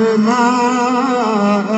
الماء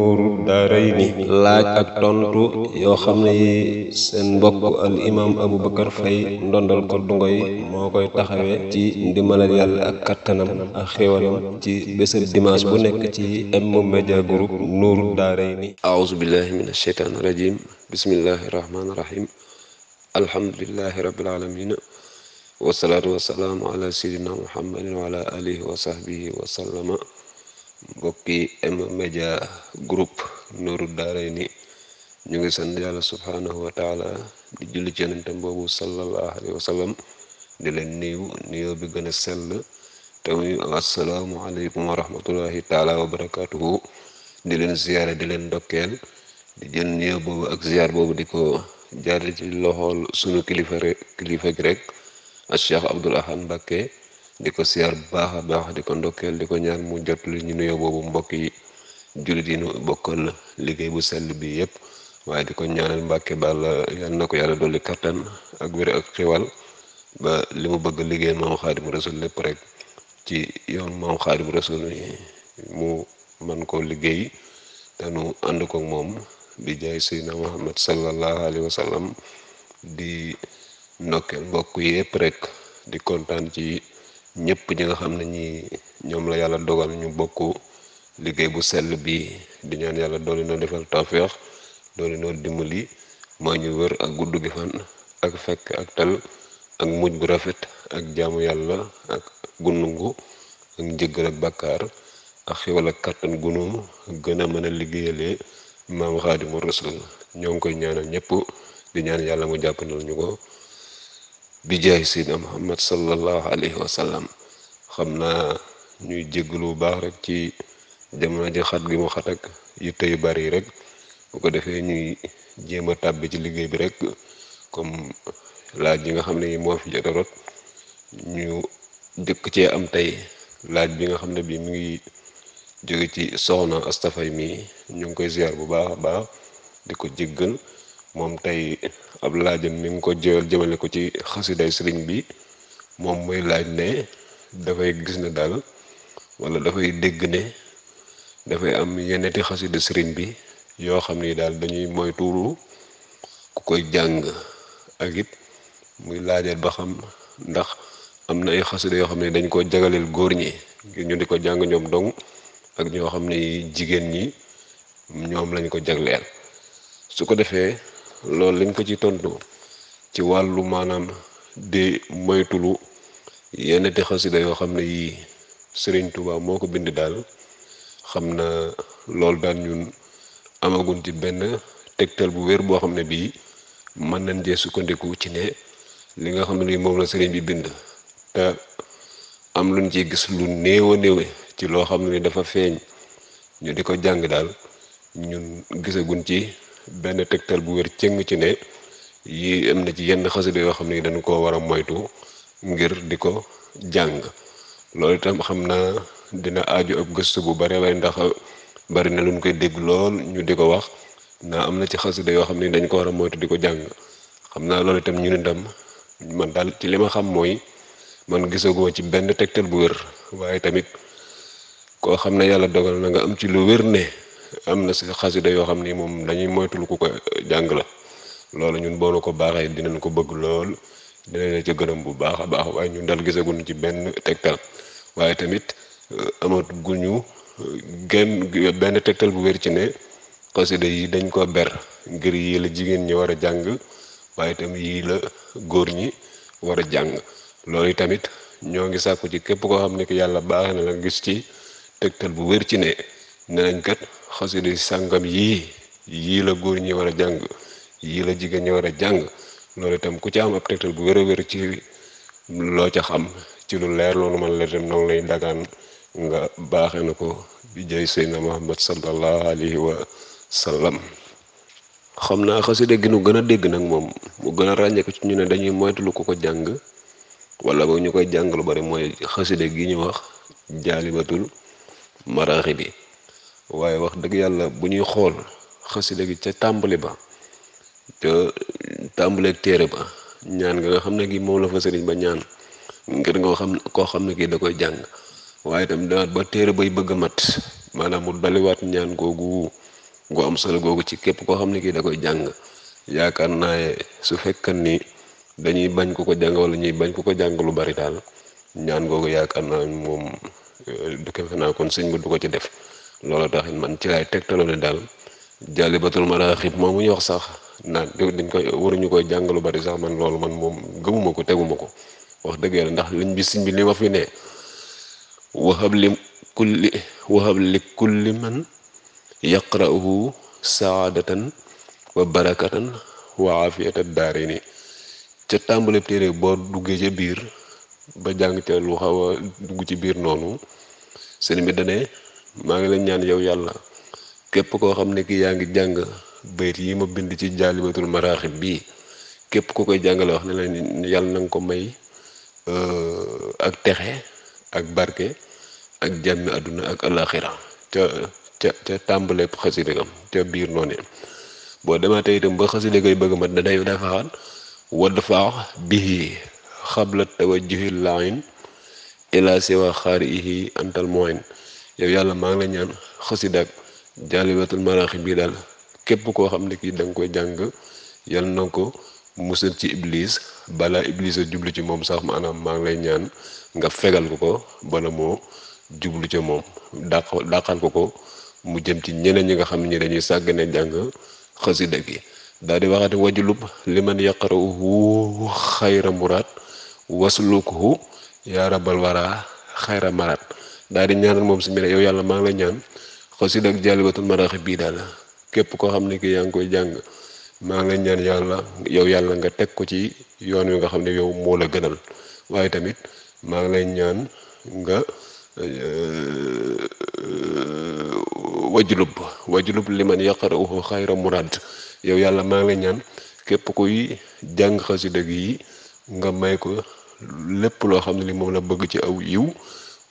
nuuru daarayni laaj ak tontu yoo xam ne yi seen mbokk al imaam Aboubacar Faye ndondal ko dungoy moo koy taxawee ci ndimbalal yàlla ak kattanam ak xéwalam ci bésëb dimanche bu nekk ci M-Media Group nuuru daarayni aouzu billahi min asheytaan rajim bismillahi rahmaani rahim alhamdulillahi rabbil alamin wasalaatu wasalaamu ala sayyidina muhammadin wa ala alihi wa sahbihi wa sallama mbokki M-Media Group nooru daara ni ñu ngi sant yàlla subhaanahu wa taala di julli ci yonentam boobu sallallahu alayhi wa di leen nuyu nuyoo bi gën a sell te muy assalaamu aleykum wa rahmatullahi taala di leen ziyaare di leen ndokkeel di jël nuyoo boobu ak ziyaar boobu di ko jaare ci loxool sunu kilifa kilifa gi rek ak Cheikh Abdoul Ahad Mbacké di ko siyaar bu baax di ko ndokkeel di ko ñaan mu jot li ñu nuyoo boobu mbokk yi jullit yi nu bokkal liggéey bu sell bi yépp waaye di ko ñaanal mbàkke bàlla yal na ko yàlla dolli kattan ak wér ak xewal ba li mu bëgg liggéey maam xaadimu rasul lépp rek ci yoon maam xaadimu rasul mu man koo liggéey te nu ànd ko moom bi jaay seydina muhammad sallallahu alayhi wa di ndokkeel mbokk yépp rek di kontaan ci ñëpp ñi nga xam ne ñi ñoom la yàlla dogal ñu bokk liggéey bu sell bi di ñaan yàlla dooli noo defal tawféex dooli noo dimbali mooy ñu wër ak gudd gi fan ak fekk ak tal ak mujj bu rafet ak jaamu yàlla ak gunungu ak njëggal ak bàkkaar ak xéwal ak kàttan gunu gën a mën a liggéeyalee maam xaadimu rasul ñoo ngi koy ñaanal ñëpp di ñaan yàlla mu jàppandal ñu ko bi jaay Seydina Muhammad sallallahu alayhi wa sallam xam naa ñuy jégalu bu baax rek ci jamono ji xat gi mu xat yu tey bari rek bu ko defee ñuy jéem a tàbbi ci liggéey bi rek comme laaj yi nga xam ne moo fi jot a rot ñu jëkk cee am tey laaj bi nga xam ne bii mu ngi jóge ci soxna Astafay mii ñu ngi koy ziar bu baax a baax di ko jéggal moom tey ab laajam mi ngi ko jël jëmale ko ci xasiday sëriñ bi moom muy laaj ne dafay gis ne daal wala dafay dégg ne dafay am yeneti xasida sëriñ bi yoo xam ni daal dañuy mooy tuuru ku koy jàng ak muy laajal ba xam ndax am na ay xasida yoo xam ne dañ ko jagaleel góor ñi ñu di ko jàng ñoom dong ak ñoo xam ne jigéen ñi ñoom lañ ko jagleel su ko defee loolu lañ ko ci tontu ci wàllu maanaam di moytulu yenn ti xasida yoo xam ne yii sëriñ Touba moo ko bind daal xam na loolu daan ñun amagun ci benn tegtal bu wér boo xam ne bii mën nañ jee sukkandiku ci ne li nga xam ne moom la sëriñ bi bind te am luñ ci gis lu néew a ci loo xam ne dafa feeñ ñu di ko jàng daal ñun gisaguñ ci benn tegtal bu wér cëng ci ne yi am na ci yenn xasida yoo xam ne dañu koo war a moytu ngir di ko jàng loolu itam xam naa dina aaju ab gëstu bu bare waaye ndax bari na luñ koy dégg lool ñu di ko wax naa am na ci xasida yoo xam ni dañ ko war a moytu di ko jàng xam naa loolu itam ñu ne itam man daal ci li ma xam mooy man gisagoo ci benn tegtal bu wér waaye tamit koo xam ne yàlla dogal na nga am ci lu wér ne am na si xasida yoo xam nii moom dañuy moytul ku ko jàng la loolu ñun boo ko baaxee dinañ ko bëgg lool dinañ la ci gërëm bu baax a baax waaye ñun dal gisaguñu ci benn tegtal waaye tamit eh, amatuguñu eh, genn benn tegtal bu wér ci ne xasida yi dañ koo ber ngir yii la jigéen ñi war a jàng waaye tamit yii la góor ñi war a jàng loolu tamit ñoo ngi sàkku ci képp koo xam ne ki yàlla baax na la gis ci tegtal bu wér ci ne ne kat xasida sàngam yii yii la góor ñi war a jàng yii la jigéen ñi war a jàng loolu itam ku ci am ab tegtal bu wér a wér ci loo ca xam ci lu leer loolu man la dem noonu lay dagaan nga baaxe na ko bi jëy Seydina Muhammad sallallahu alayhi wa sallam xam naa xasida gi nu gën a dégg nag moom mu gën a ràññeeku ci ñu ne dañuy moytu lu ko ko jàng walla boog ñu koy jàng lu bari mooy xasida gi ñu wax jaalibatul maraaxi bi waaye wax dëgg yàlla bu ñuy xool xasida gi ca tàmbali ba ca tàmbaleeg téere ba ñaan nga nga xam ne kii moom la fa sëriñ ba ñaan ngir nga xam koo xam ne gi da koy jàng waaye itam demaat ba téere bay bëgg a mat maanaam mu daliwaat ñaan googu gu am solo googu ci képp koo xam ne kii da koy jàng yaakaar naa su fekkan ni dañuy bañ ko ko jàng wala ñuy bañ ku ko jàng lu bari daal ñaan googu yaakaar naa moom du ko fenaa kon sëñ ba du ko ci def loolu tax man ci laay tegtaloo ne daal jàllibatul maraaxib moom mu ñu wax sax naan dañ koy waruñu koy jàngalu bari sax man loolu man moom gëmuma ko teguma ko wax dëgg la ndax liñ bi siñ bi li ma fi ne wahab li kulli wahab li kulli man yaqra'uhu saadatan wa barakatan wa afiyata daari ni ca tàmbali téere boo duggee ca biir ba jàng ca lu xaw a dugg ci biir noonu seen bi maa ngi lañ ñaan yow yàlla képp koo xam ne kii yaa ngi jàng bayit yi ma bind ci jaalibatul maraaxib bii képp ku koy jàngale wax ne la yàlla na nga ko may euh, ak texe ak barke ak jàmmi àdduna ak alaxira ca ca ca tàmbale xasidegam ca biir noonu boo demaatee itam ba xaside koy bëgg mat da day defaxaat wadd faax bihi xabla tawajjuhi laayin ila siwa xaari ihi antal moin yow yàlla maa ngi la ñaan xasida ak jaalibatul maraaxi bii daal képp koo xam ne kii da koy jàng yal na ko musal ci iblis balaa iblis a jublu ci moom sax maanaam maa ngi lay ñaan nga fegal ko ko bala moo jublu ca moom dàq dàqal ko ko mu jëm ci ñeneen ñi nga xam ne dañuy sàggane jàng xasida gi daal di waxati wajulub liman yaqra'uhu xayra muraad waslukhu yaa rabal wara xayra maraad daal di ñaanal moom si mbir yow yàlla maa ngi lay ñaan xasida ak Jaalibatul Maraaxib bii daal képp koo xam ne kii yaa ngi koy jàng maa ngi lay ñaan yàlla yow yàlla nga teg ko ci yoon wi nga xam ne yow moo la gënal waaye tamit maa ngi lay ñaan nga euh, wajulub wajulub liman yaqra'uhu xayra murad yow yàlla maa ngi lay ñaan képp kuy jàng xasida yi nga may ko lépp loo xam ne li moom la bëgg ci aw yiw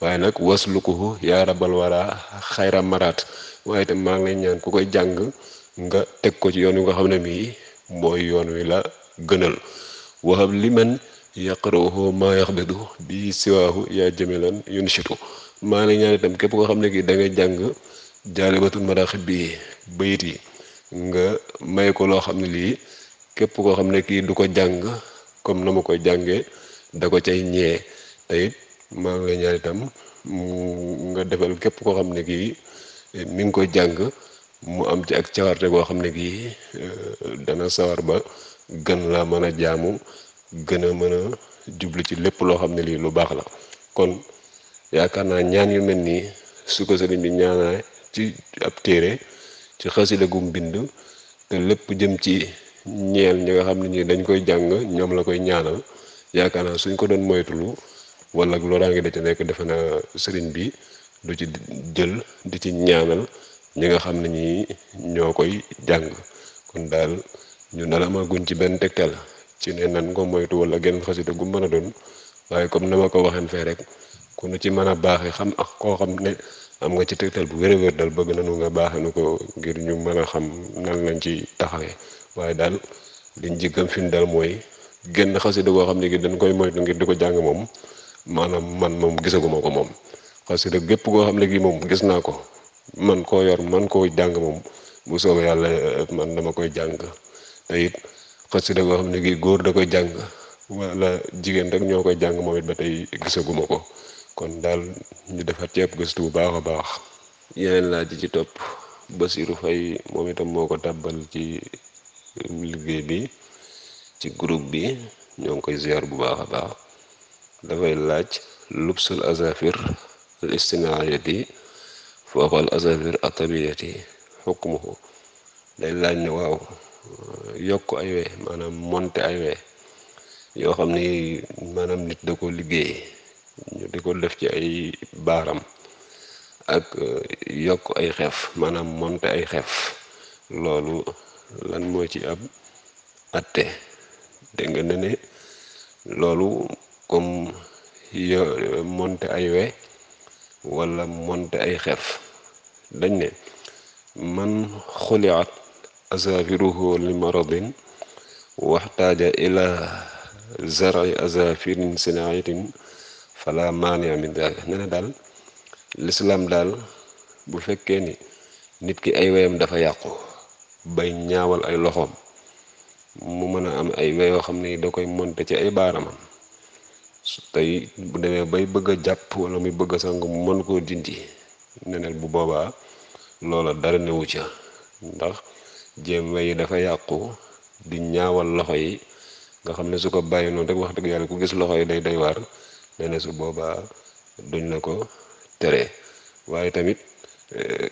waaye nag waslukuhu yaa rabal wara xayra maraat waaye tam maa ngi lay ñaan ku koy jàng nga teg ko ci yoon wi nga xam ne mii mooy yoon wi la gënal wahab liman yaqra'uhu ma yaxbidu bi siwaahu yaa jamilan yunshitu maa ngi lay ñaan itam képp koo xam ne kii da ngay jàng jaalibatul maraaxib bi bayit yi nga may ko loo xam ne lii képp koo xam ne kii du ko jàng comme na ma koy jànge da ko cay ñee te maa ngi lay ñaan itam mu nga defal képp koo xam ne kii eh, mi ngi koy jàng mu am ci ak cawarte goo xam ne kii eh, dana sawar ba gën laa mën a jaamu gën a mën a jublu ci lépp loo xam ne lii lu baax la kon yaakaar naa ñaan yu mel nii su ko sëriñ bi ñaanaa ci ab téere ci xasida gum bind te lépp jëm ci ñeel ñi nga xam ne ñi dañ koy jàng ñoom la koy ñaanal yaakaar naa suñ ko doon moytulu wala ak ngi da ci nekk defe na sëriñ bi du ci jël di ci ñaanal ñi nga xam ne ñi ñoo koy jàng kon daal ñu dal amaguñ ci benn tegtal ci ne nan ko moytu wala genn xasida gu mën a doon waaye comme na ma ko waxeen fee rek ku nu ci mën a baaxee xam ak koo xam ne am nga ci tegtal bu wér a wér dal bëgg nanu nga baaxe nu ko ngir ñu mën a xam nan lañ ci taxawee waaye daal liñ jikkam fi mu dal mooy genn xasida goo xam ne gi dañ koy moytu ngir di ko jàng moom maanaam man moom gisaguma ko moom xasida gépp koo xam ne gi moom gis naa ko man koo yor man koo jàng moom bu soobee yàlla man dama koy jàng te it xasida goo xam ne gi góor da koy jàng wala jigéen rek ñoo koy jàng moom it ba tey gisaguma ko kon daal ñu defar ceeb gëstu bu baax a baax yeneen laaj ci topp Basiru Fay moom itam moo ko tàbbal ci liggéey bi ci groupe bi ñoo ngi koy ziar bu baax a baax dafay laaj lubsul azafir al istimaaiyati foofa al azafir atabiyati xukmuhu day laaj ne waaw yokk ay we maanaam monte ay we yoo xam ni maanaam nit da ko liggéey ñu di ko def ci ay baaram ak eh, yokk ay xeef maanaam monte ay xef loolu lan moo ci ab atte dégg ne ne loolu comme yo monte ay we wala monte ay xef dañ ne man xuliat azafiruhu li maradin waxtaaja ila zari azafirin sinaitin fala maania min dalik daal lislaam daal bu fekkee ni nit ki ay weyam dafa yàqu bay ñaawal ay loxoom mu mën a am ay weyoo xam ne da koy monte ci ay baaramam tey bu demee bay bëgg a jàpp wala muy bëgg a mu mën koo dindi neneen bu boobaa loola dara newu ca ndax jéem yi dafa yàqu di ñaawal loxo yi nga xam ne su ko bàyyi noonu rek wax dëgg yàlla ku gis loxo yi day day waar nee su boobaa doñ la ko tere waaye tamit eh,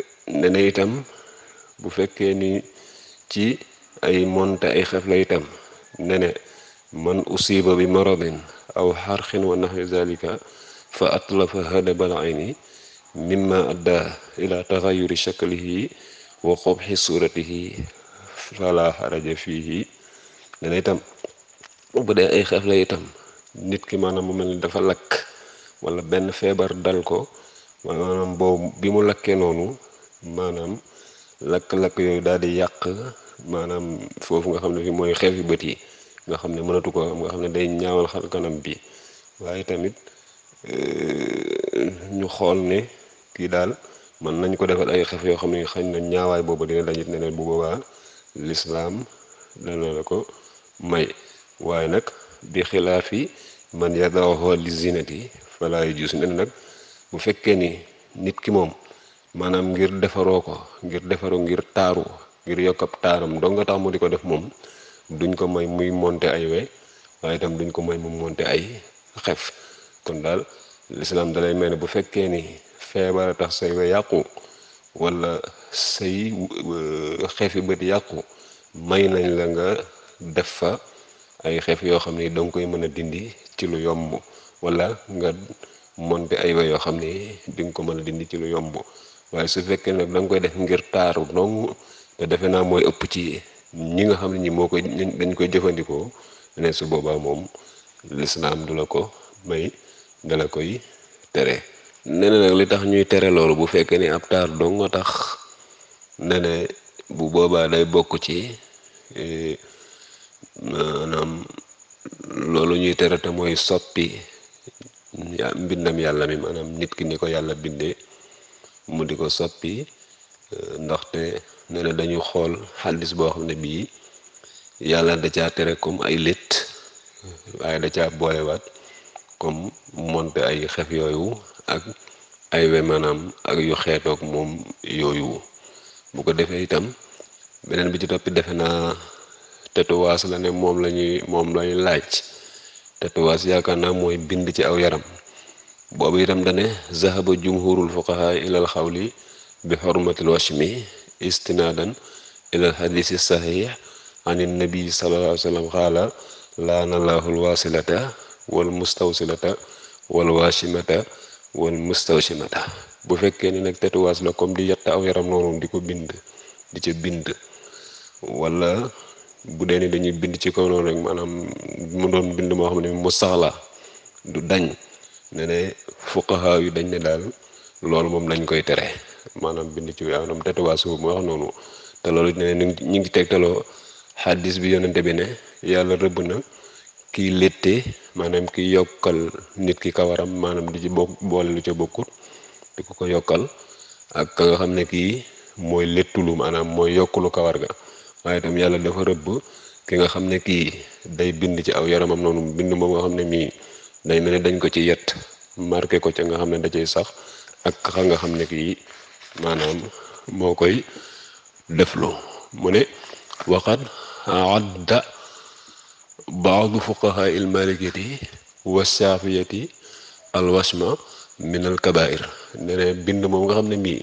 nee itam bu fekkee ni ci ay monte ay xef la itam nee man usiba bi maradin aw xarxin wa naxwi zalika fa atlafa hadabal ayni mimma adda ila taxayuri shaklihi wa qobxi suratihi fala xaraja fihi dana itam bu dee ay xeef la itam nit ki maanaam mu mel ni dafa lakk wala benn feebar dal ko maanaam boobu bi mu lakkee noonu maanaam lakk-lakk yooyu daal di yàq maanaam foofu nga xam ne fi mooy xeefi bët yi nga xam ne mënatu ko am nga xam ne day ñaawal xar kanam bi waaye tamit eh, ñu xool ne kii daal mën nañ ko defal ay xef yoo xam ne xañ na ñaawaay boobu dina dañit neneen bu boobaa lislaam dana la ko may waaye nag bi xilaafi man yadaoho li zinati falaa yajuz ne nag bu fekkee ni nit ki moom maanaam ngir defaroo ko ngir defaru ngir taaru ngir yokk ab taaram doo nga tax mu di ko def moom duñ ko may muy monter ay we waaye itam duñ ko may mu monter ay xef kon daal lislaam dalay mel ne bu fekkee ni feebar tax say we yàqu wala say euh, xefi bët yàqu may nañ la nga def fa ay xef yoo xam ni danga koy mën a dindi ci lu yomb wala nga monte ay we yoo xam ni di ko mën a dindi ci lu yomb waaye su fekkee nag da koy def ngir taaru dong te defe naa mooy ëpp ci ñi nga xam ne ñi moo koy dañ koy jëfandikoo ne su boobaa moom lislaam du la ko may da koy tere ne nag li tax ñuy tere loolu bu fekkee ni ab taar dong nga tax ne bu boobaa day bokk ci e, maanaam loolu ñuy tere te mooy soppi mbindam yàlla mi maanaam nit ki ni ko yàlla bindee mu di ko soppi e, ndaxte ne ne dañu xool xaddis boo xam ne bii yàlla da caa tere comme ay létt waaye da caa boolewaat comme monte ay xef yooyu ak ay we maanaam ak yu xeetoog moom yooyu bu ko defee itam beneen bi ci toppi defe naa tatouage la ne moom lañuy moom lañuy laaj tatouage yaakaar naa mooy bind ci aw yaram boobu itam dane zahaba jumhurul fuqaha ilal xawli bi xormatil washmi istinaadan ila alxadisi saxiix an ilnabii sallallahu alayhi wa sallam xaala laana allahu alwasilata walmustawsilata bu fekkee ni nag tatouage la comme di yett aw yaram noonu di ko bind di ca bind wala bu dee ni dañuy bind ci kaw noonu rek maanaam mu doon bind moo xam ne mu saxla du dañ ne ne fuqaha yi dañ ne daal loolu moom lañ koy tere maanaam bind ci maanaam tatouage suuf mu wax noonu te loolu ne ñu ngi ñu ngi tegtaloo xaddis bi yonente bi ne yàlla rëbb na kii létte maanaam kiy yokkal nit ki kawaram maanaam di ci bokk boole lu ca bokkut di ko ko yokkal ak ka nga xam ne kii mooy léttulu maanaam mooy yokkulu kawar ga waaye itam yàlla dafa rëbb ki nga xam ne kii day bind ci aw yaramam noonu bind moom nga xam ne mii day mel dañ ko ci yet marqué ko ca nga xam ne da cay sax ak ka nga xam ne kii maanaam moo koy defloo mu ne waqad adda baadu fuqaha il malikiyati wa saafiyati al wasma min al kabair bind moom nga xam ne mii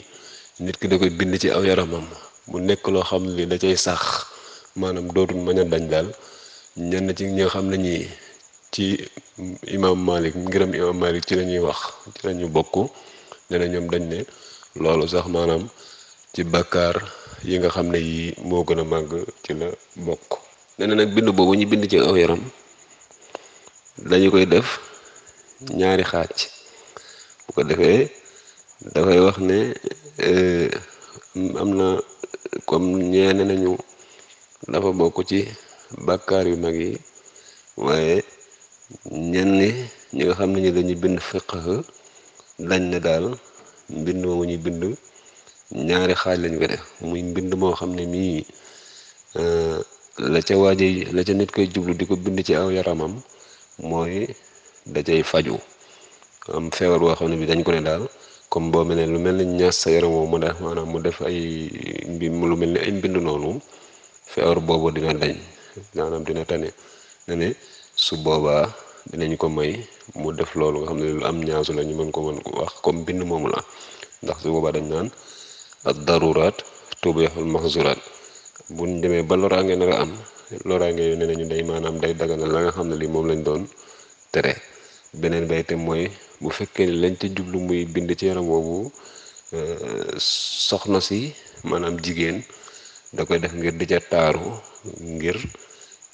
nit ki da koy bind ci aw yaramam mu nekk loo xam ne li da cay sax maanaam dootul mañ dañ daal ñenn ci ñi xam ne ñii ci imam malik ngiram imam malik ci lañuy wax ci la ñu bokk ne ñoom dañ ne loolu sax maanaam ci bakkaar yi nga xam ne yi moo gën a màgg ci la bokk nee na nag bind boobu ñu bind ci aw yaram dañu koy def ñaari xaaj bu ko defee dafay wax ne eh, am na comme ñeene nañu dafa bokk ci bakkaar yu mag yi waaye ñenn ñi nga xam ne ñi dañuy bind fiqh dañ ne daal mbind moomu ñuy bind ñaari xaaj lañ ko muy mbind moo xam ne mii eh, la ca waaje la ca nit koy jublu di ko bind ci aw yaramam mooy da cay faju am feebar boo xam ne bi dañ ko ne daal comme boo mel ne lu mel ne ñaas sa yaram woowu mu def mu def ay lu mel ne ay mbind noonu feebar boobu dina dañ maanaam dina tane ne su boobaa dinañ ko may mu def loolu nga xam ne lu am ñaasu la ñu mën ko mën ko wax comme bind moomu la ndax su boobaa dañ naan ad daruraat tubiixul mahzuraat buñ demee ba loraange nar a am loraange yu ne nañu day maanaam day daganal la nga xam ne lii moom lañ doon tere beneen bay itam mooy bu fekkee ni lañ ca jublu muy bind ci yaram woowu euh, soxna si maanaam jigéen da koy def ngir di ca taaru ngir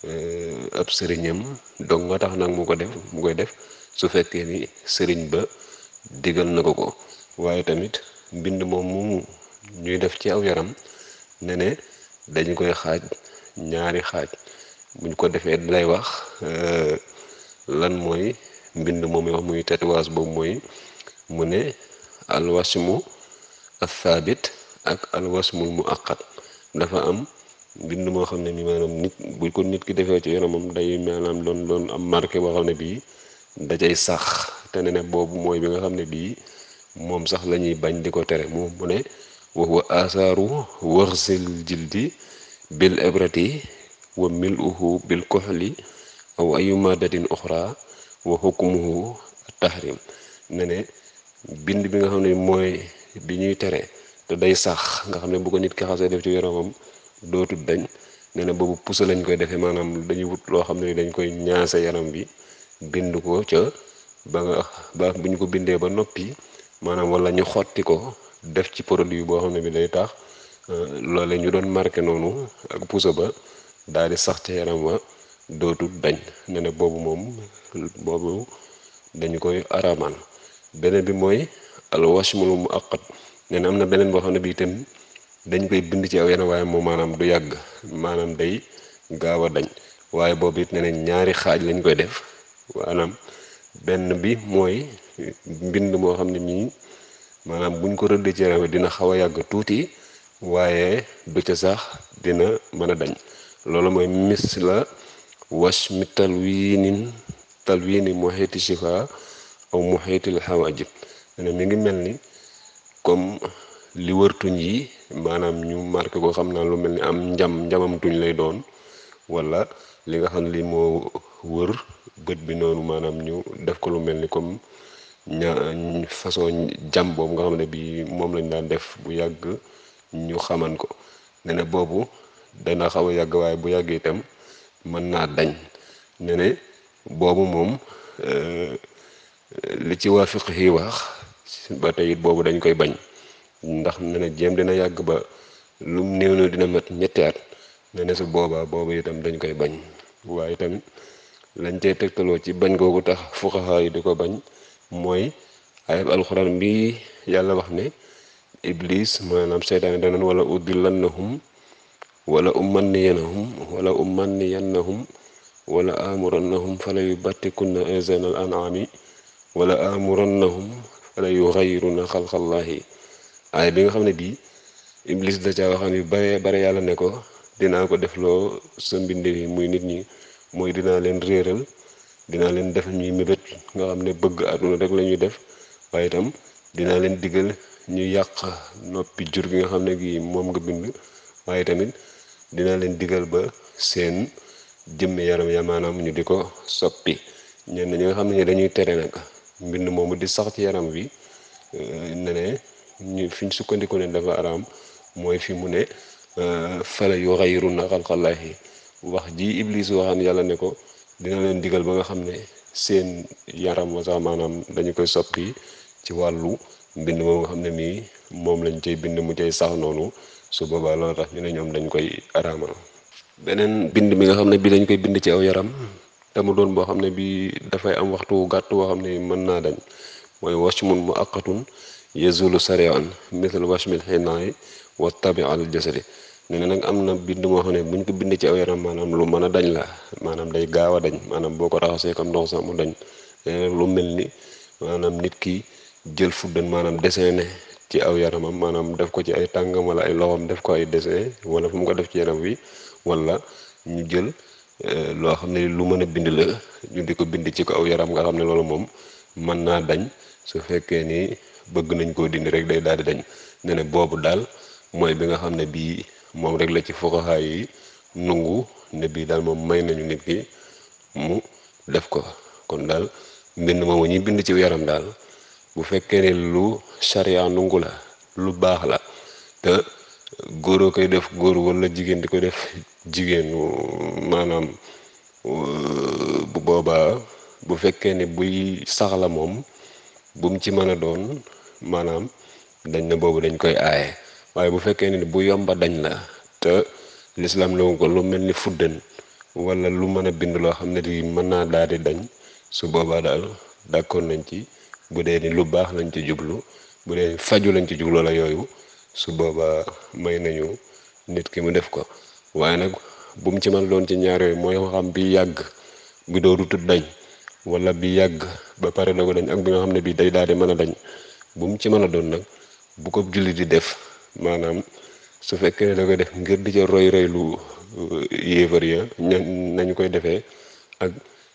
Euh, ab sëriñam donc nga tax nag mu ko def mu koy def su fekkee ni sëriñ ba digal na ko ko waaye tamit mbind moom mu ñuy def ci aw yaram ne ne dañu koy xaaj ñaari xaaj buñ ko defee lay wax euh, lan mooy mbind moom wax muy tatouage boobu mooy mu ne alwasmu athabit ak alwasmul mu aqat dafa am mbind moo xam ne mi nit bu ko nit ki defee ci yaramam day maanaam doon doon am marqué boo xam ne bii dajay sax te ne boobu mooy bi nga xam ne bii moom sax la bañ di ko tere moom mu ne wa huwa asaaru waxsil bil ibrati wa mil uhu bil koxli aw bi nga xam ne mooy bi ñuy tere te day sax nga xam ne bu ko nit ki xasee def ci yaramam dootul dañ nee na boobu pusa lañu koy defee maanaam dañuy wut loo xam ne dañu koy ñaase yaram bi bind ko ca ba nga ba bu ko bindee ba noppi maanaam wala ñu xotti ko def ci produit boo xam ne bi day tax euh, loole ñu doon marqué noonu ak pusa ba daal di sax ca wa dootul dañ ne ne boobu moom boobu dañu koy araamal beneen bi mooy alwashmul mu aqat nee na am na beneen boo xam ne bi tam dañ koy bind ci aw yenn waaye moom maanaam du yàgg maanaam day gaaw a dañ waaye boobu it ne nañ ñaari xaaj lañ koy def maanaam benn bi mooy mbind moo xam ne mii maanaam buñ ko rëdd ci yaram dina xaw a yàgg tuuti waaye du ca sax dina mën a dañ loolu mooy mis la wash mi talwiinin talwiini muhiti shifa aw muhitil hawajib ne mi ngi mel ni comme li yi maanaam ñu marqué ko xam naa lu mel ni am njam njamam tuñ lay doon wala li nga xam ne lii moo wër bët bi noonu maanaam ñu def ko lu mel ni comme ña façon jam boobu nga xam ne bii moom lañ daan def bu yàgg ñu xaman ko ne boobu dana xaw a yàgg waaye bu yàgg itam mën naa dañ ne ne boobu moom eh, li ci waa fiq wax ba tey boobu dañ koy bañ ndax nee na jéem dina yàgg ba lu mu néew dina mat ñetti at nee na su boobaa boobu itam dañ koy bañ waaye tamit lañ te tegtaloo ci bañ kooku tax fuqaha yi di ko bañ mooy ayab alxuraan bi yàlla wax ne iblis maanaam seytaane danañ wala udillannahum wala umanniyannahum wala umanniyannahum yu amurannahum fala yubattikunna azana al anami wala amurannahum fala yuxayyiruna xalqallahi aay bi nga xam ne bii iblis de caa waxaan yu bare bare yàlla ne ko dinaa ko def loo sa mbindeef yi muy nit ñi mooy dinaa leen réeral dinaa leen def ñuy mébét nga xam ne bëgg àdduna rek la ñuy def waaye itam dinaa leen diggal ñu yàq noppi jur gi nga xam ne gii moom nga bind waaye tamit dina leen diggal ba seen jëmmi yaram ya maanaam ñu di ko soppi ñenn ñi nga xam ne dañuy tere nag mbind moomu di sax ci yaram wi eh, ne ñu fi ñu sukkandiku ne dafa araam mooy fi mu ne euh, fala yu xayruna xalqallaahi wax ji iblis waxaan yàlla ne ko dina leen digal ba nga xam ne seen yaram wa sax maanaam dañu koy soppi ci wàllu mbind moom nga xam ne mii moom lañ cay bind mu cay sax noonu su boobaa loolu tax ñu ne ñoom dañ koy araamal beneen bind mi nga xam ne bii dañ koy bind ci aw yaram te doon boo xam ne bii dafay am waxtu gàtt boo xam ne mën naa dañ mooy wacc mun mu àqatun yazulu sarian mithal washmil xinaayi wa tabi al jasadi nee na nag am na bind moo xam ne buñ ko bindee ci aw yaram maanaam lu mën a dañ la maanaam day gaaw a dañ maanaam boo ko raxasee comme ndox sax mu dañ eh, lu mel ni maanaam nit ki jël fuddan maanaam dessin ne ci aw yaramam maanaam def ko ci ay tàngam wala ay loxoom def ko ay dessin wala fu mu ko def ci yaram wi wala ñu jël eh, loo xam ne lu mën a bind la ñu di ko bind ci ko aw yaram nga xam ne loolu moom mën naa dañ su fekkee ni bëgg nañ koo dindi rek day daal di dañ ne ne boobu daal mooy bi nga xam ne bii moom rek la ci fuqaha yi nungu ne bii daal moom may nañu nit ki mu def ko kon daal mbind moomu ñi bind ci yaram daal bu fekkee ne lu charia nungu la lu baax la te def góor wala jigéen di ko def jigéen maanaam bu boobaa bu fekkee ne buy saxla moom bu ci mën a doon maanaam dañ na boobu dañ koy aaye waaye bu fekkee ni bu yomba dañ la te lislaam la ko lu mel ni fuddën wala lu mën a bind loo xam ne di mën naa daal di dañ su boobaa daal d'accord nañ ci bu dee ni lu baax lañ ci jublu bu dee faju lañ ci jublu la yooyu su boobaa may nañu nit ki mu def ko waaye nag bu ci mën doon ci ñaar yooyu mooy xam bi yàgg bi doorutu dañ wala bi yàgg ba pare na ko dañ ak bi nga xam ne bii day daal di mën a dañ bu mu ci mën a doon nag bu ko julli di def maanaam su fekkee ne da ko def ngir di ca roy lu uh, yéefar ya nañu koy defee ak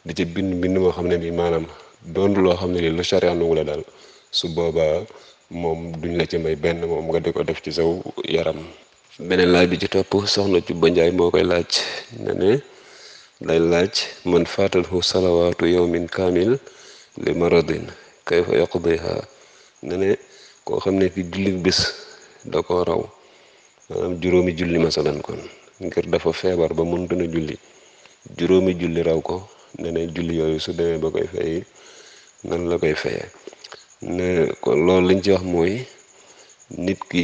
di ca bind mbind moo xam ne bi maanaam doon loo xam ne li lu charia nangu la daal su boobaa moom duñ la ci may benn moom nga di ko def ci saw yaram beneen laaj bi ci topp soxna Cubba Njaay moo koy laaj ne ne lay laaj man faatahu salawaatu yawmin kaamil li maradin kayfa yaqdiha ne ne koo xam ne ki julli bés da ko raw maanaam juróomi julli dafa feebar ba mënut na juróomi julli raw ko ne ne julli yooyu su demee ba koy fay nan la koy fayee kon loolu lañ ci wax mooy nit ki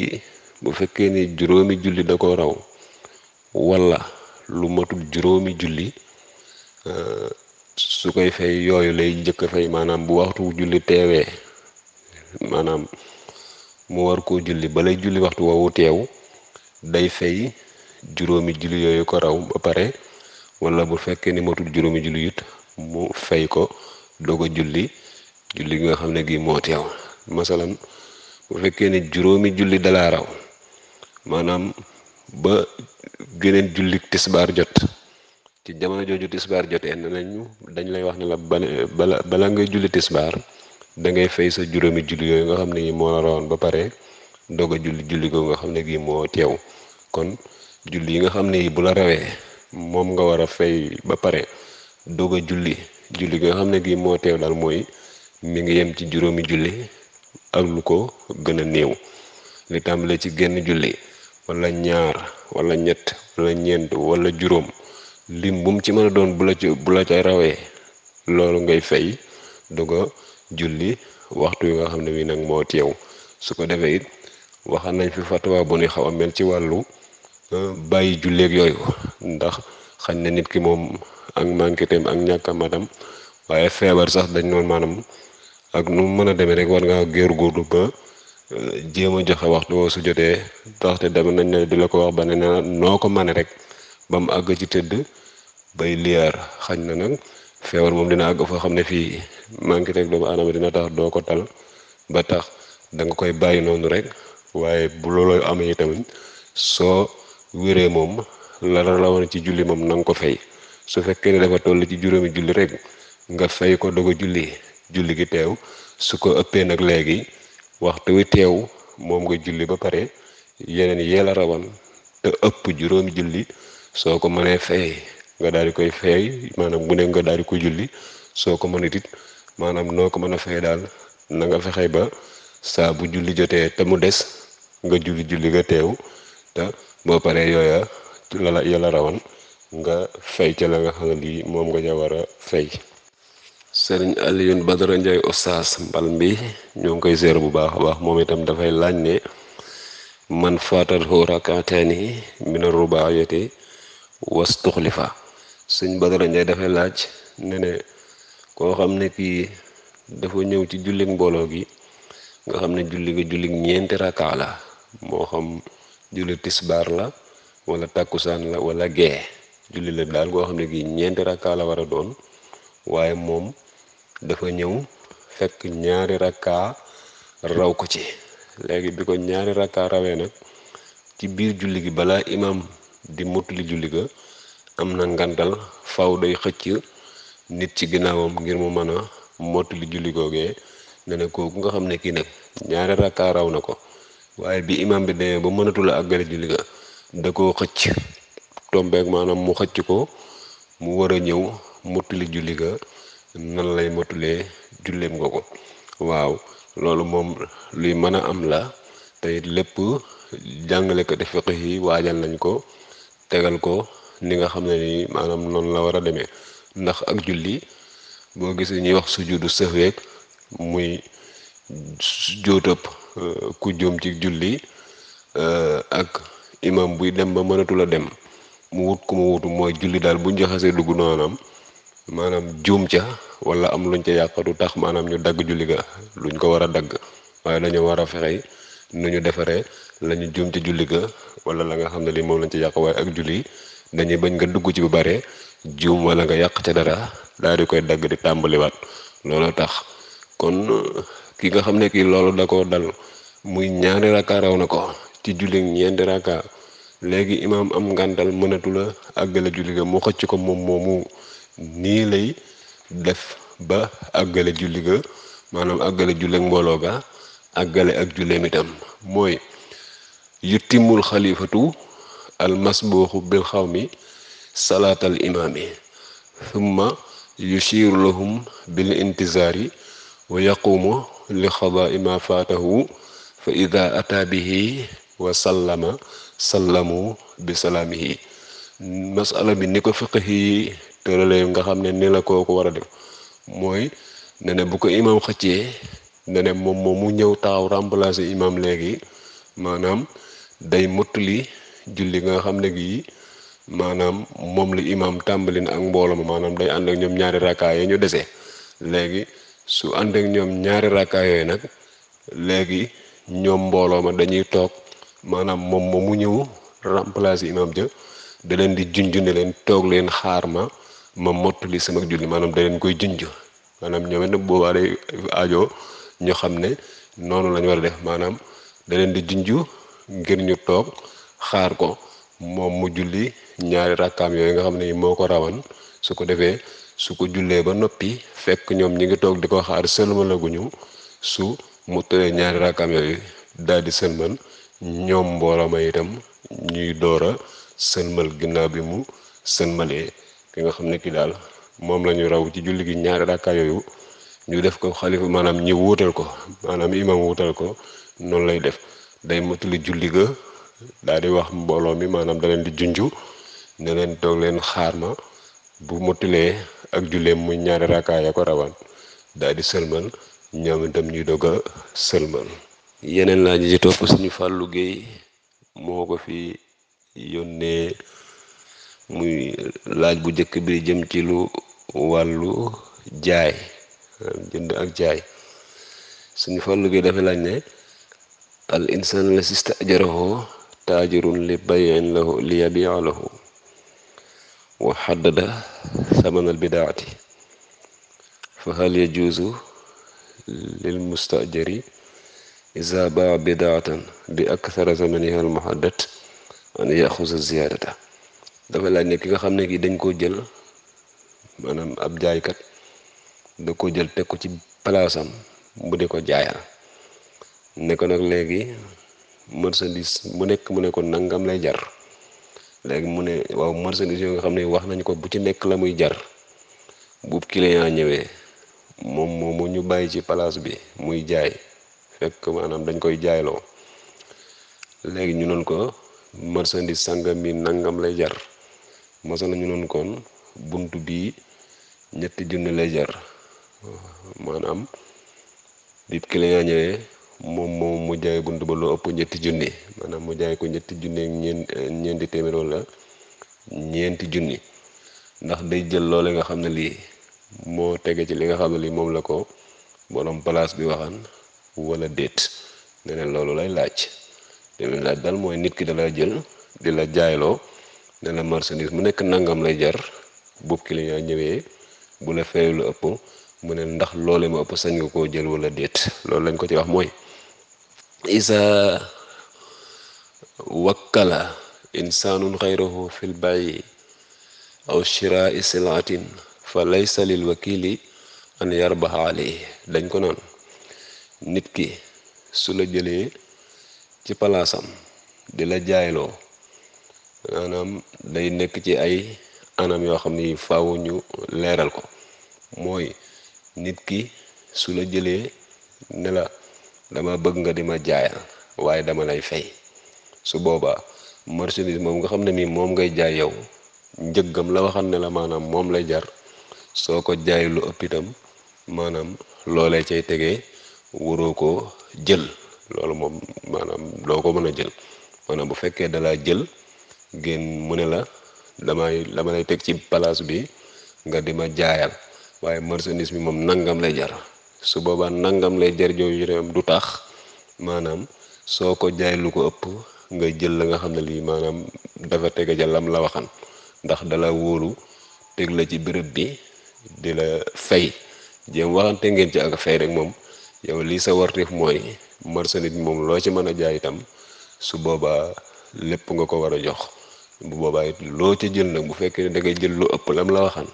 bu fekkee ni juróomi julli da ko raw walla lu matul juróomi julli su koy fay yooyu lay njëkk a fay maanaam bu waxtu julli teewee maanaam mu war koo julli balay julli waxtu woowu teew day fay juróomi julli yooyu ko raw ba pare wala bu fekkee ni matul juróomi julli it mu fay ko doog julli julli gi nga xam ne gi moo teew masalan bu fekkee ne juróomi julli dalaa raw maanaam ba geneen jullik tisbaar jot ci jamono jooju tisbaar jotee ne nañu dañ lay wax ne la bala bala ngay julli tisbaar da ngay fay sa juróomi julli yooyu nga xam ne yi moo ba pare doog a julli julli nga xam ne gii moo teew kon julli yi nga xam ne yi bu la rawee moom nga war a fay ba pare doog a julli julli gi nga xam ne gii moo teew daal mooy mi ngi yem ci juróomi julli ak lu ko gën a néew li tàmbale ci genn julli walla ñaar wala ñett wala ñeent wala juróom lim bu ci mën a doon bu la ci bu la ca rawee loolu ngay fay dugg a julli waxtu wi nga xam ne wi nag moo teew su ko defee it waxal nañ fi fatwa bu ne xaw a mel ci wàllu euh, bàyyi julleeg yooyu ndax xañ na nit ki moom ak manqué ak ñàkk a waaye feebar sax dañ noonu maanam ak nu mën a demee rek war ngaa góorgóorlu ba jéem a joxe waxtu woo su jotee taxte tamit nañ ne di la ko wax ba ne noo ko mane rek ba mu àgg ci tëdd bay liyaar xañ na nag feebar moom dina àgg foo xam ne fii manqué rek doomu aadama dina tax doo ko tal ba tax danga koy bàyyi noonu rek waaye bu looloo amee tamit soo wéree moom la la ci julli moom na nga ko fay su fekkee ne dafa toll ci juróomi julli rek nga fay ko dogo julli julli gi teew su ko ëppee nag léegi. waxtu wi teew moom nga julli ba pare yeneen yee la rawan te ëpp juróomi julli soo ko mënee fay nga daal di koy fay maanaam bu ne nga daal di ko julli soo ko mën it maanaam noo ko mën a fay daal nanga nga fexe ba saa bu julli jotee te mu des nga julli julli nga teew te boo paree yooya la la yàlla rawan nga fay ca la nga xam lii moom nga ca war a fay. sëriñ Alioune Badara Ndiaye oustaz mbal mbi ñoo ngi koy seer bu baax a baax moom itam dafay laaj ne man faatal hu rakataani mina rubaayati wastuxlifa sëñ Badara Ndiaye dafay laaj ne ne koo xam ne kii dafa ñëw ci jullit mbooloo gi nga xam ne julli ga jullit ñeenti rakka la moo xam julli tisbaar la wala takkusaan la wala gee julli la daal koo xam ne gi ñeenti rakka la war a doon waaye moom dafa ñëw fekk ñaari rakka raw ko ci léegi bi ko ñaari rakka rawee nag ci biir julli gi balaa imam di mottali julli ga am na ngàndal faw day xëcc nit ci ginnaawam ngir mu mën a mottali julli googee ne nga xam ne ñaari rakka raw na ko waaye bi imaam bi demee ba mënatula àggale julli ga da koo xëcc tombeek maanaam mu xëcc ko mu war a ñëw mottali julli ga nan lay motulee julleem nga ko waaw loolu moom luy mën a am la te it lépp jàngalekati fiq yi waajal nañ ko tegal ko ni nga xam ne ni maanaam noonu la war a demee ndax ak julli boo gisee ñuy wax sujudu sahweek muy jóotëb euh, ku jóom ci julli euh, ak imam buy dem ba mënatul a dem mu wut ku mu wutu mooy julli daal bu ñu joxasee dugg noonam maanaam juum ca wala am luñ ca yàq du tax maanaam ñu dagg julli ga luñ ko war a dagg waaye dañoo war a fexe nu ñu defaree lañu ñu juum ca julli ga wala la nga xam ne lii moom lañ ca yàq waaye ak julli dañuy bañ nga dugg ci bu bare juum wala nga yàq ca dara daal di koy dagg di tàmbaliwaat looloo tax kon ki nga xam ne kii loolu da koo dal muy ñaari rakka raw na ko ci julli ñeenti rakka léegi imaam am ngàntal mënatu la àggale julli ga mu xëcc ko moom moomu nii lay def ba àggale julli ga maanaam àggale julleek mbooloo ga àggale ak julleem itam mooy yutimul xalifatu al masbuuxu bil xawmi salaatal imaami thumma yushiru lahum bil intizaari wa yaqumu li xadaa ma fa ida ataa wa sallama sallamu bi salaamihi masala bi ni ko fiqhi tëralee nga xam ne ni la kooku war a def mooy ne bu ko imam xëccee ne moom moom mu ñëw taaw remplacer imam léegi maanaam day mottali julli nga xam ne gii maanaam moom li imam tàmbali na ak mbooloo ma maanaam day ànd ak ñoom ñaari rakkaa yi ñu dese léegi su ànd ak ñoom ñaari rakkaa yooyu nag léegi ñoom mbooloo ma dañuy toog maanaam moom moom mu ñëw remplacer imam ja da leen di junjune leen toog leen xaar ma ma mottali sama julli maanaam da leen koy junj maanaam ñoom it boobaa day aajo ñu xam ne noonu la war a def maanaam da leen di junj ngir ñu toog xaar ko moom mu julli ñaari rakkaam yooyu nga xam ne moo ko rawan su ko defee su ko jullee ba noppi fekk ñoom ñu ngi toog di ko xaar sëlmalaguñu su mu tëddee ñaari rakkaam yooyu daal di sëlmal ñoom mbooloo ma itam ñuy door a sëlmal ginnaaw bi mu sëlmalee ki nga xam ne kii daal moom la ñu raw ci julli gi ñaari rakka yooyu ñu def ko xalifa maanaam ñi wuutal ko maanaam imam wuutal ko noonu lay def day mottali julli ga daal di wax mbooloo mi maanaam daleen di junju ne leen toog leen xaar ma bu mottilee ak julleem muy ñaari rakka ko rawaan daal di sëlmal ñoom itam ñuy dog a yeneen laaj yi ci topp suñu Fallou Guèye moo ko fi yónnee muy laaj bu jëkk bi jëm ci lu wàllu jaay jënd ak jaay suñu fàllu gi dafa ne al insaan la stajarahu taajirun li bayin lahu li yabia lahu wa xaddada saman al bidaati fa hal yajuuzu lil mustajari iza baa bidaatan bi akthara zamaniha al muhaddad an yaxuza ziyadata dafa laaj nekk ki nga xam ne kii dañ koo jël maanaam ab jaaykat da ko jël teg ko ci palaasam mu di ko jaayal ne ko nag léegi marchandise mu nekk mu ne ko nangam lay jar léegi mu ne waaw marchandise yoo nga xam ne wax nañ ko bu ci nekk la muy jar bu client ñëwee moom moomu ñu bàyyi ci palaas bi muy jaay fekk maanaam dañ koy jaayloo léegi ñu noonu ko marchandise sangam mi nangam lay jar masa nañu noonu kon bunt bii ñetti junni lay jar maanaam bi client ñëwee moom moom mu jaay bunt ba lu ëpp ñetti junni maanaam mu jaay ko ñetti junni ak ñeenti téeméer wala ñeenti junni ndax day jël loole nga xam ne lii moo tege ci li nga xam ne lii moom la ko borom place bi waxan wala déet neneen loolu lay laaj li muy laaj daal mooy nit ki da jël di la jaayloo ne la marchandise mu nekk nangam lay jar bu client ñëwee bu la fayee lu ëpp mu ne ndax loole ma ëpp sañ nga koo jël wala déet loolu lañ ko ci wax mooy isa wakkala insaanun xayrahu fil bayi aw shiraai silaatin fa lay lil wakili an yarbaha dañ ko naan nit ki su la jëlee ci palaasam di la jaayloo maanaam day nekk ci ay anam yoo xam ni faaw ñu leeral ko mooy nit ki su la jëlee ne la dama bëgg nga di ma jaayal waaye dama lay fay su boobaa marchandise moom nga xam ne nii moom ngay jaay yow njëggam la waxam ne la maanaam moom lay jar soo ko jaay lu ëpp itam maanaam loolee cay tegee waroo ko jël loolu moom maanaam doo ko mën a jël maanaam bu fekkee dalaa jël ngeen mu ne la damay dama lay teg ci place bi nga di ma jaayal waaye marchandise bi moom nangam lay jar su boobaa nangam lay jar jooju am du tax maanaam soo ko jaay lu ko ëpp nga jël la nga xam ne lii maanaam dafa tege ja lam la waxan ndax dala wóolu teg la ci béréb bi di la fay jéem waxante ngeen ci ak fay rek moom yow lii sa warteef mooy marchandise moom loo ci mën a jaay itam su boobaa lépp nga ko war a jox bu boobaa it loo ca jël nag bu fekkee da ngay jël lu ëpp lam la waxan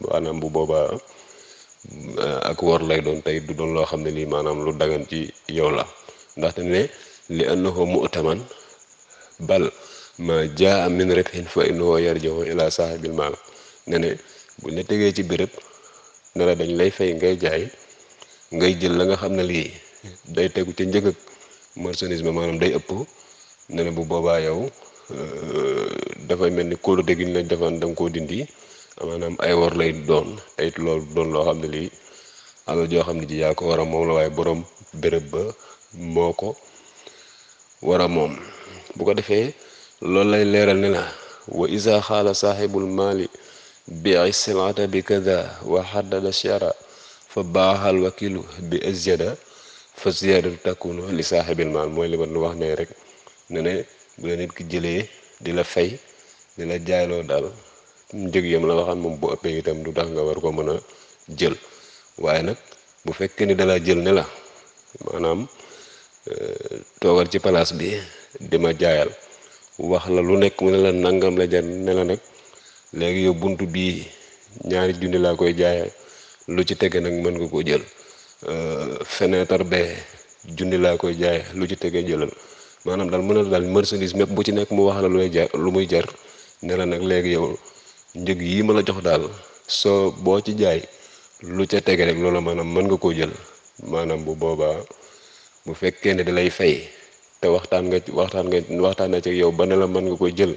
maanaam bu boobaa eh, ak wor lay doon tey du doon loo xam ne lii maanaam lu dagan ci yow la ndaxte ne li annahu mu'taman bal ma jaa min rabhin fa innahu yarji'u ila saahibil maal ne ne buñ la tegee ci béréb ne la dañ lay fay ngay jaay ngay jël la nga xam ne lii day tegu ca njëg ak marchandise ba maanaam day ëpp ne ne bu boobaa yow Euh, dafay mel ni kóolute gi ñu la defaan da nga dindi maanaam ay war lay doon te it doon loo xam ne lii alal joo xam ne ji yaa ko war a moom la waaye borom bërëb ba moo ko war a moom bu ko defee loolu lay leeral ne la wa isa xaala saaxibul maali bii silata bi kada wa xaddada shara fa baaxal wakilu bi azjada fa ziyadatu takunu li saaxibil maal mooy li ma wax ne rek ne ne bu la nit ki jëlee di la fay di la jaayloo daal njëg yam la waxaan moom bu ëppee itam du tax nga war ko mën a jël waaye nag bu fekkee ni dalaa jël ne la maanaam eh, toogal ci palaas bi di ma jaayal wax la lu nekk mu ne la nangam la jar ne la nag léegi yow bunt bii ñaari junni laa koy jaayee lu ci tege nag mën nga ko jël eh, fenêtre be junni laa koy jaayee lu ci tege jëlal maanaam daal mën a daal marchandise mépp bu ci nekk mu wax la lu muy jar lu muy jar ne nag léegi yow njëg yi ma la jox daal soo boo ci jaay lu ca tege rek loola maanaam mën nga koo jël maanaam bu boobaa bu fekkee ne da fay te waxtaan nga waxtaan nga waxtaan na ci yow ba ne la mën nga jël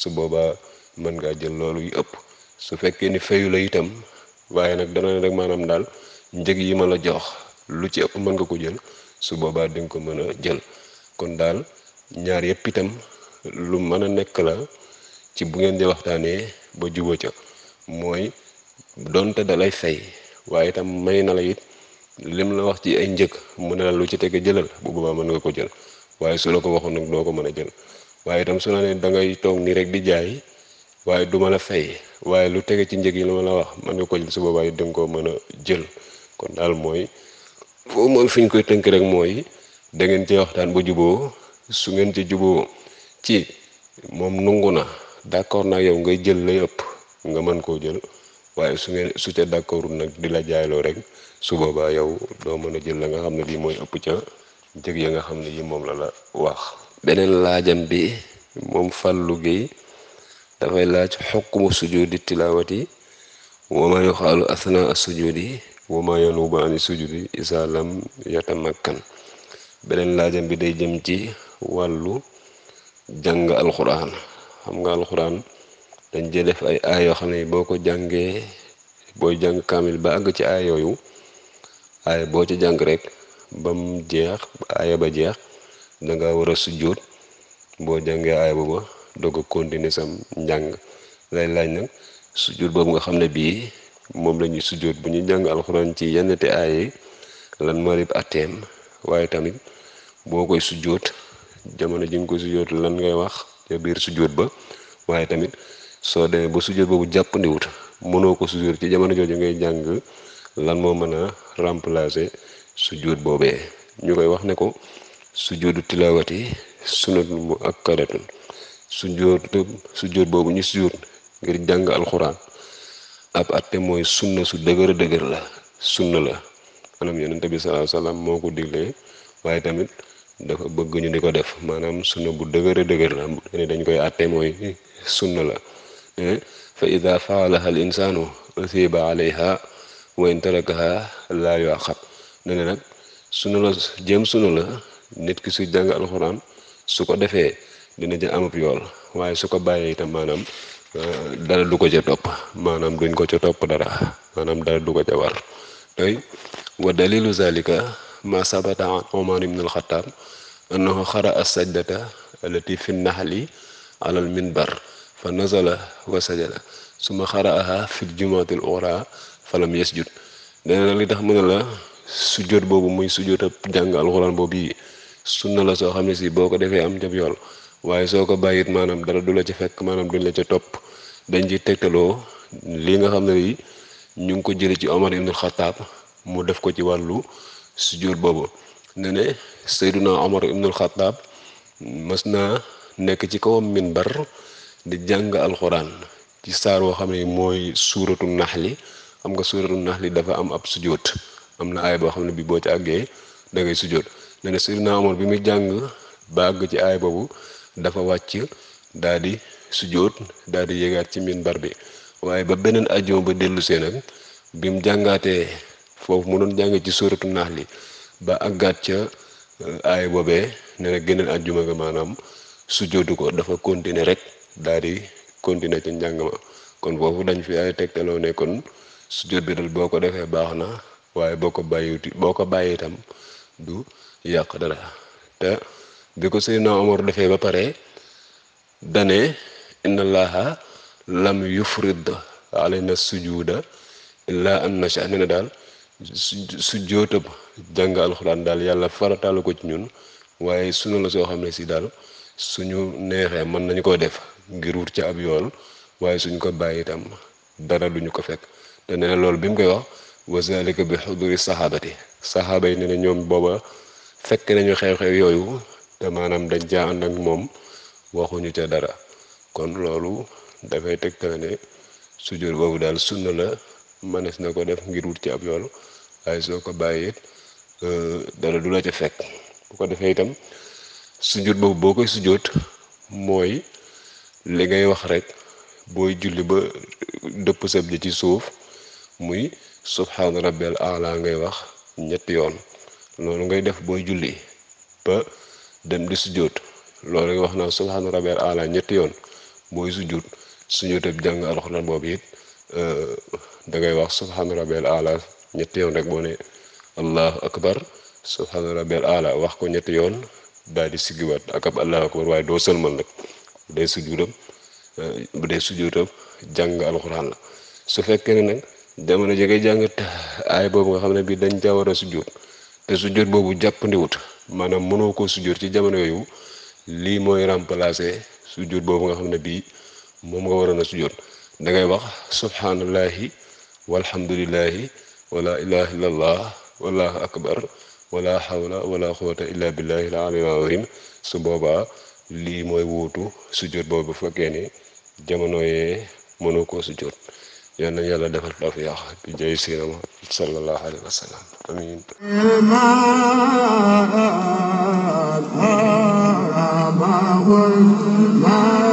su boobaa mën ngaa jël loolu yu ëpp su fekkee ni fayu la itam waaye nag dana rek maanaam daal njëg yi ma la jox lu ci ëpp mën nga ko jël su boobaa di ko mën a jël kon daal ñaar yëpp itam lu mën a nekk la ci bu ngeen di waxtaanee ba juba ca mooy donte dalay fay waaye itam may na la it lim la wax ci ay njëg mu ne la lu ci tege jëlal bu boobaa mën nga ko jël waaye su la ko waxoon nag doo ko mën a jël waaye itam su la ne da ngay toog nii rek di jaay waaye du ma la fay waaye lu tege ci njëg yi la ma la wax mën nga ko jël su boobaa it koo mën a jël kon daal mooy foo moom fi ñu koy tënk rek mooy da ngeen cee waxtaan ba juboo su ngeen ci juboo ci moom nungu na d'accord nag yow ngay jël lay ëpp nga mën koo jël waaye su ngeen su ca d'accordul nag di la jaayloo rek su boobaa yow doo mën a jël la nga xam ne lii mooy ëpp ca jëg ya nga xam ne yi moom la la wax beneen laajam bi moom fàllu gi dafay laaj xukmu sujudi tilawati wama yuxaalu asna sujudi wama yanubu ani sujudi isa lam yatamakkan beneen laajam bi day jëm ci wàllu jàng alxuraan xam nga alxuraan dañ cee def ay aay yoo xam ne boo ko jàngee booy jàng kaamil ba àgg ci aay yooyu aay boo ci jàng rek ba mu jeex aaya ba jeex danga nga war a sujjóot boo jàngee aaya booba doog a continuer sam njàng lay laaj nag sujjóot boobu nga xam ne bii moom lañuy ñuy sujjóot bu ñu jàng alxuraan ci yenn te aay lan moo rib waaye tamit boo koy sujjóot jamono ji nga koy sujjóot lan ngay wax ca biir sujjóot ba waaye tamit soo demee ba sujjóot boobu jàppandiwut mënoo ko sujjóot ci jamono jooju ngay jàng lan moo mën a remplacer sujjóot boobee ñu koy wax ne ko sujjóotu tilaawati sunnatul mu akkadatun sujjóot sujjóot boobu ñu sujjóot ngir jàng alxuraan ab atte mooy sunna su dëgër dëgër la sunna la maanaam yonente bi sallallahu moo ko diglee waaye tamit dafa bëgg ñu di ko def maanaam sunna bu dëgër dëgër la ne dañ koy àtte mooy eh, sunna la eh. fa ida faalaha al insaanu usiba alayha wa in tarakaha la yuaqab ne ne nag sunna la jéem sunna la nit ki su jàng alxuraan su ko defee dina jël amub yool waaye su ko bàyyee itam maanaam eh, dara du ko ca topp maanaam duñ ko ca topp dara maanaam dara du ko ca war tey wa dalilu zalika ma sabata an omar ibn alxataab annahu xaraa sajdata allati fi nahli ala al minbar fa nazala wa sajada suma xara fi jumaati al uxraa falam yasjud dana li tax mu ne la sujjóot boobu muy sujjóotab jàng alxuraan boobu yi na la soo xam ne si boo ko defee am jab yool waaye soo ko bàyyit maanaam dara du la ci fekk maanaam duñ la ca topp dañ ci tegtaloo li nga xam ne ni ñu ngi ko jële ci Omar ibn Khattab mu def ko ci wàllu sujjóot boobu ne ne Seyduna Omar ibnul Xataab mës naa nekk ci kawam minbar di jàng alxuraan ci saar woo xam ne mooy suuratu naxli xam nga suuratu naxli dafa am ab sujjóot am na ay boo xam ne bi boo ci àggee da ngay sujjóot ne ne Seyduna Omar bi muy jàng bàgg ci ay boobu dafa wàcc daal di sujjóot daal di yéegaat ci minbar bi waaye ba beneen ajjuma ba dellusee nag bi mu jàngaatee foofu mu doon jàng ci sóoratu naax li ba àggaat ca euh, ay bobe ne na génneel àjjuma nga maanaam sujjóotu ko dafa continuer rek daal di continuer ca njàng ma kon foofu dañ fi ay tegtaloo ne kon sujjóot bi dal boo ko defee baax na waaye boo ko bàyyiwuti boo ko bàyyi itam du yàq dara te bi ko Seydina Omar defee ba pare dane inna allaha lam yufrid alayna sujuda illa an nasha ne na daal su su jóotab jàng alxuraan daal yàlla farataalu ko ci ñun waaye sunu la soo xam ne si daal suñu neexee mën nañu koo def ngir wut ca ab yool waaye suñ ko bàyyi itam dara duñu ko fekk te nee na loolu bi mu koy wax wa zalika bi xuduri saxaabati saxaaba yi ne na ñoom booba fekk nañu xew-xew yooyu te maanaam dañ caa ànd ak moom waxuñu ca dara kon loolu dafay tegtale ne sujjóot boobu daal sunna la mënees na ko def ngir wut ci ab yoolu waaye soo ko bàyyee euh, dara du la ca fekk bu ko defee itam sujjóot boobu boo koy sujjóot mooy li ngay wax rek booy julli ba dëpp sab ji ci suuf muy subhaana rabbil aala ngay wax ñetti yoon loolu ngay def booy julli ba dem di sujjóot loolu ngay wax naa subhaana rabbil aala ñetti yoon booy sujjóot sujjóotab jàng alxuraan boobu yit da ngay wax subhaana rabbil ala ñetti yoon rek boo ne allahu akbar subhaana rabbil wax ko ñetti yoon daal di siggiwaat ak ab allahu akbar waaye doo sëlmal nag bu dee sujjuutam bu jàng alxuraan la su fekkee ne nag jamono ji ngay jàng aay boobu nga xam ne bii dañ caa war a sujjuut te sujjuut boobu jàppandiwut maanaam mënoo koo sujjuut ci jamono yooyu lii mooy remplacer sujjuut boobu nga xam ne bii moom nga waroon a sujjuut dangay wax subhaanallahi walhamdulillahi wala ilaha illallah wallahu akbar wala hawla wala quwwata illa billahi al-aliyyil azim su boobaa lii mooy wuutu sujjóot boobu bu fekkee ni jamono yee mënoo koo sujjóot yal na yàlla defal tawfiq bi jay sinama sallallahu alayhi wa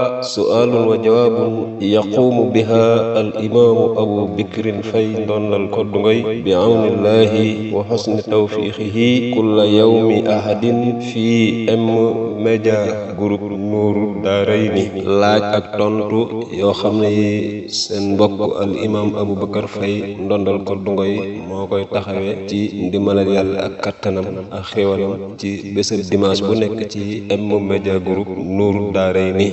su'aalun wa jawaabun yaquumu biha al imaamu abu bikrin fay ndondal koddu ngoy bi awnillaahi wa xosni tawfiixihi kulla yawmi ahadin fii M Media Group Nour Daarayni laaj ak tontu yoo xam ne seen mbokk al imaam Aboubacar fay ndondal koddu ngoy moo koy taxawee ci ndimbalal yàlla ak kattanam ak xéwalam ci bésëb dimanche bu nekk ci M Media Group Nour Daarayni